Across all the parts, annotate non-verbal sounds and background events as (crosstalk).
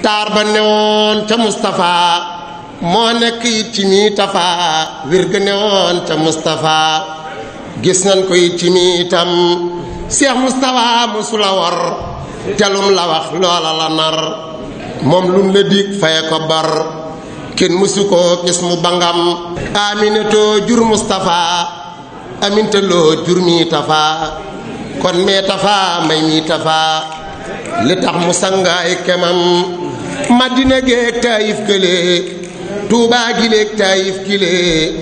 taar ba newoon ca Mustapha moo nekk it ci mii tafa wér ga newoon ca Mustapha gis nañ ko it ci mii itam Cheikh Mustapha mosula war telum la wax loola la nar moom lum la dig faye ko bar kenn mosu koo gis mu bangam aminatoo jur Mustapha amintaloo jur mii tafa kon mee tafa may mii tafa li tax mu sangaay kemam madina géeg taayif kële tuubaa giléeg taayif kile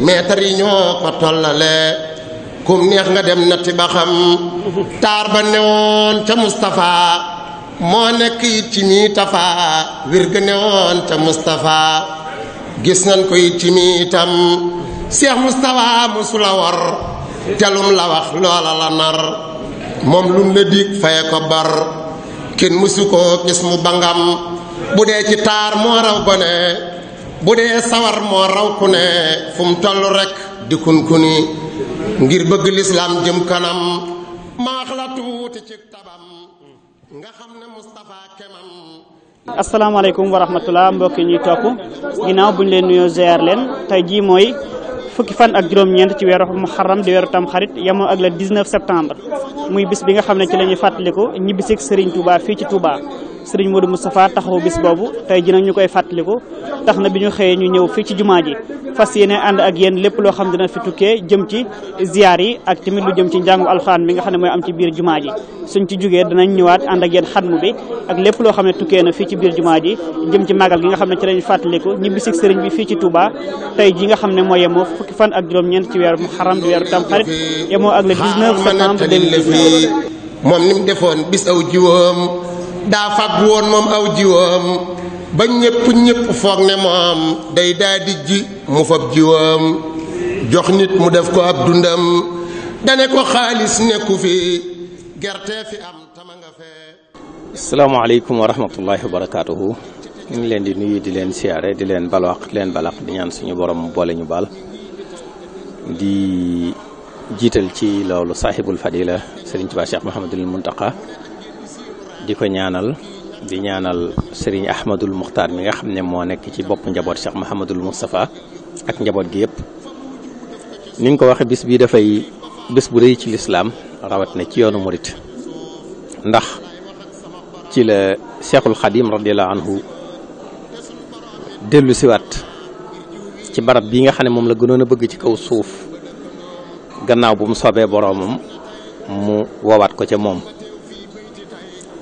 meetar yi ñoo ko tollale kum neex nga dem natti ba xam taar ba newoon ca Mustapha moo nekk it ci mii tafa wér ga newoon ca Mustapha gis nañ ko it ci mii itam Cheikh Mustapha mosula war telum la wax loola la nar moom lum la dig faye ko bar kenn mësu ko gis mu bangam bu dee ci moo raw gone bu dee sawar moo raw ku ne fu mu toll rek di kunkuni ngir bëgg lislaam jëm kanam maax la tuuti ci tabam nga xam ne Moustapha kemam asalaamaaleykum wa rahmatullah mbokki ñuy topp ginnaaw bu leen nuyoo ziar leen tey jii mooy fukki fan ak juróom-ñeent ci weeru muharram di weeru tamxarit yemoo ak le 19 septembre muy bis bi nga xam ne ci la ñuy fàttaliku ñibbisig Serigne Touba fii ci Touba. sëriñ Modou Moustapha taxawu bis boobu tey ji koy fàttaliku tax na bi ñu xëyee ñu ñëw fii ci jumaa loo xam dina fi tukkee jëm ci ziyaar yi ak tamit lu jëm nga xam ne mooy am biir jumaa ji suñ ci jógee danañ ñëwaat ànd ak yéen xatmu loo xam ne tukkee na fii ci biir jumaa ji jëm ci màggal gi nga xam ne ci lañ fàttaliku ñibbisig sëriñ bi fii ci Touba tey ji xam ne moo yemoo fukki fan ak juróom-ñeent ci weeru Muharram di weeru Tamxarit yemoo ak le 19 septembre 2019 moom ni defoon bis aw jiwoom daa fag woon moom aw jiwam ba ñépp ñépp foog ne moom day daldi ji mu fab jiwam jox nit mu def ko ab dundam dane ko xaalis nekku fi gerte fi am tama nga fee asalaamaaleykum wa rahmatullahi wa barakaatuhu ñu ngi leen di nuyu di leen siyaare di leen balwaq di leen balaq di ñaan suñu borom boole ñu baal di jiital ci loolu saaxibul fadila Sëriñ Tuubaa Cheikh Mahamadul Muntaqa di ko ñaanal di ñaanal Serigne Ahmadul Muxtaar mi nga xam ne moo nekk ci bopp njaboot Cheikh Mouhamadul Moustapha ak njaboot gi yëpp ni nga ko waxee bis bii dafay bés bu rëy ci lislaam rawat na ci yoonu morit ndax ci la Cheikhul Xadim radiallahu anhu dellu siwaat ci barab bi nga xam ne moom la gënoon a bëgg ci kaw suuf gannaaw bu mu soobee boroomam mu woowaat ko ca moom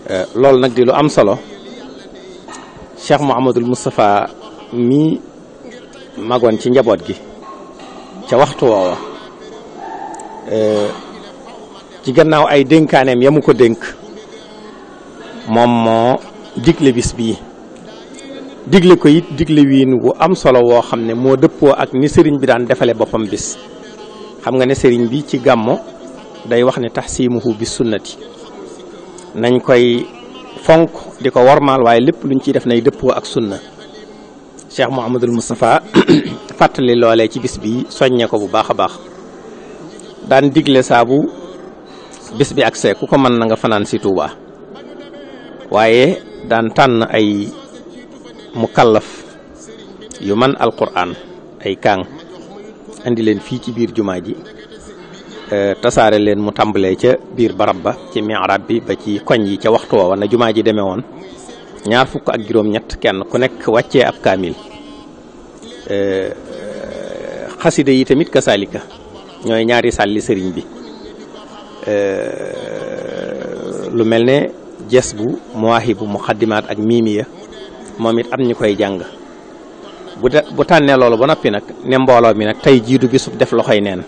Euh, loolu nag di lu am solo Cheikh Mouhamadul Moustapha mi magoon ci njaboot gi ca waxtu woowa euh, ci gannaaw ay dénkaaneem yamu ko dénk moom moo digle bis bii digle ko it digle wiin wu am solo woo xam ne moo dëppoo ak ni sëriñ bi daan defale boppam bis xam nga ne sëriñ bi ci gàmmo day wax ne taxsimuhu bi sunnati nañ koy fonk di ko wormaal waaye lépp luñ ciy def nay dëppoo ak sunna Cheikh Mouhamadul Moustapha (clears throat) fàttali loolee ci bis bi soññee ko bu baax a baax daan digle saabu bis bi ak see ku ko mën na nga fanaan si Touba waaye daan tànn ay mukallaf yu man alquran ay kaang andi leen fii ci biir jumaa ji Eh, tasaare leen mu tàmbalee ca biir barab ba ci mi'rab bi ba ci koñ yi ca waxtu woowa na jumaa ji demee woon ñaar fukk ak juróom-ñett kenn ku nekk wàccee ab kaamil eh, xasida yi tamit kasaalika ñooy ñaari sàlli sëriñ bi eh, lu mel ne jees bu mu muqaddimaat ak miimiya moom it am ñu koy jàng bu bu tànnee loolu ba noppi nag ne mbooloo mi nag tey jiidu bisub def loxoy neen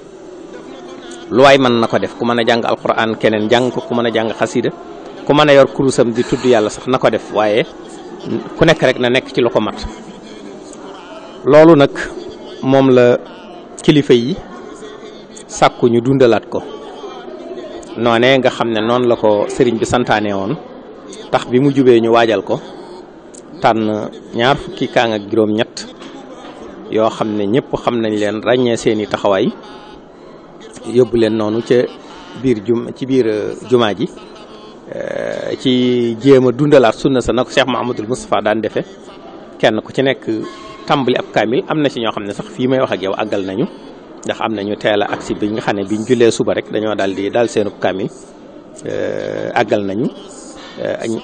lu waay mën na ko def ku mën a jàng alquran keneen jàng ko ku mën a jàng xasida ku mën a yor kurusam di tudd yàlla sax na ko def waaye ku nekk rek na nekk ci lu ko mat loolu nag moom la kilifa yi sàkku ñu dundalaat ko noonee nga xam ne noonu la ko sëriñ bi santaane woon tax bi mu jubee ñu waajal ko tànn ñaar fukki kaang ak juróom ñett yoo xam ne ñëpp xam nañ leen ràññee seeni taxawaay yóbbu leen noonu ca biir jum ci biir euh, jumaa ji euh, ci jéem a dundalaat sunna sa nag ko Cheikh Mahamadul Moustapha daan defe kenn ku ci nekk tàmbali ab kaamil am na ci ñoo xam ne sax fii may wax ak yow àggal nañu ndax am nañu teel a agsi bi nga xam ne biñ suba rek dañoo daal di daal seenub kaamil euh, àggal nañu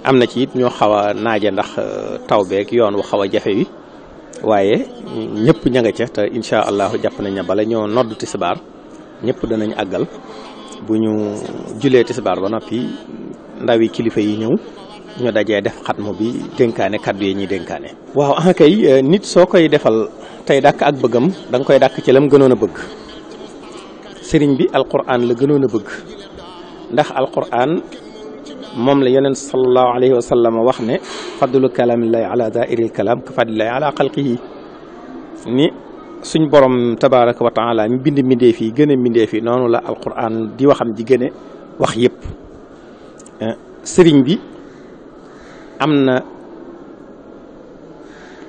am na ci it ñoo xaw a naaje ndax taw beek yoon wu xaw a jafe wi waaye ñëpp ña nga ca te incha allahu jàpp nañ ne bala ñoo nodd tisbaar ñëpp danañ àggal bu ñu julee tisbaar ba noppi ndawi kilifa yi ñëw ñu dajee def xatmu bi dénkaane kàddu yi ñuy dénkaane. waaw ah eh, nit soo koy defal tey dàkk ak bëggam da nga koy dàkk ci lam gënoon a bëgg sëriñ bi alquran la gënoon a bëgg ndax alquran moom la yonent sallallahu alayhi wa sallam wax ne fadlu kalaamillahi ala daa'iril kalaam ka fadlillahi ala xalqihi ni suñ borom tabaaraka wa taala bind mbindeef yi gën a mbindeef yi noonu la alquran di waxam ji gën wax yépp eh, sëriñ bi am na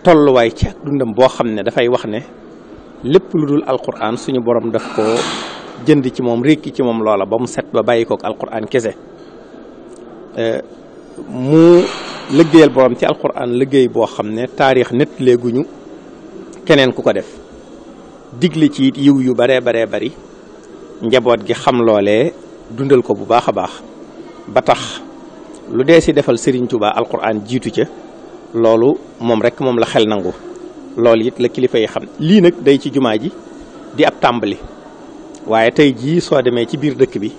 tolluwaay ci ak dundam boo xam ne dafay wax ne lépp lu dul alquran suñu borom daf ko jënd ci moom rékki ci moom loola ba mu set ba bàyyi kook alquran kese eh, mu liggéeyal borom ci alquran liggéey boo xam ne taarix nett léeguñu keneen ku ko def digle ci it yiw yu baree baree bari njaboot gi xam loole dundal ko bu baax a baax ba tax lu dee si defal Serigne Touba alquran jiitu ca loolu moom rek moom la xel nangu loolu it la kilifa yi xam lii nag day ci jumaa ji di ab tàmbali waaye tey jii soo demee ci biir dëkk bi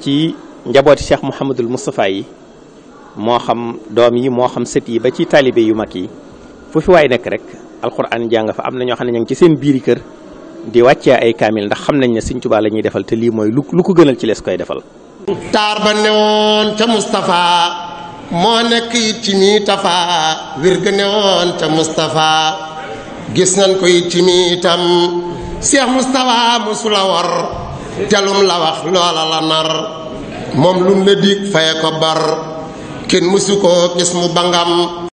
ci njabooti Cheikh Mouhamadul Moustapha yi moo xam doom yi moo xam set yi ba ci taalibe yu mag yi fu fi waay nekk rek. alxuraan jàng fa am na ñoo xam ne ña ngi ci seen biiri kër di wàcce ay kaamil ndax xam nañ ne Sëñ Tuubaa ñuy defal te lii mooy lu lu ko gënal ci lees koy defal. taar ba newoon ca Moustapha moo nekk it ci mii tafa wir ga newoon ca Moustapha nañ ko it la wax loola la nar moom lum la dig faye ko bar kenn mosu ko gis mu bangam.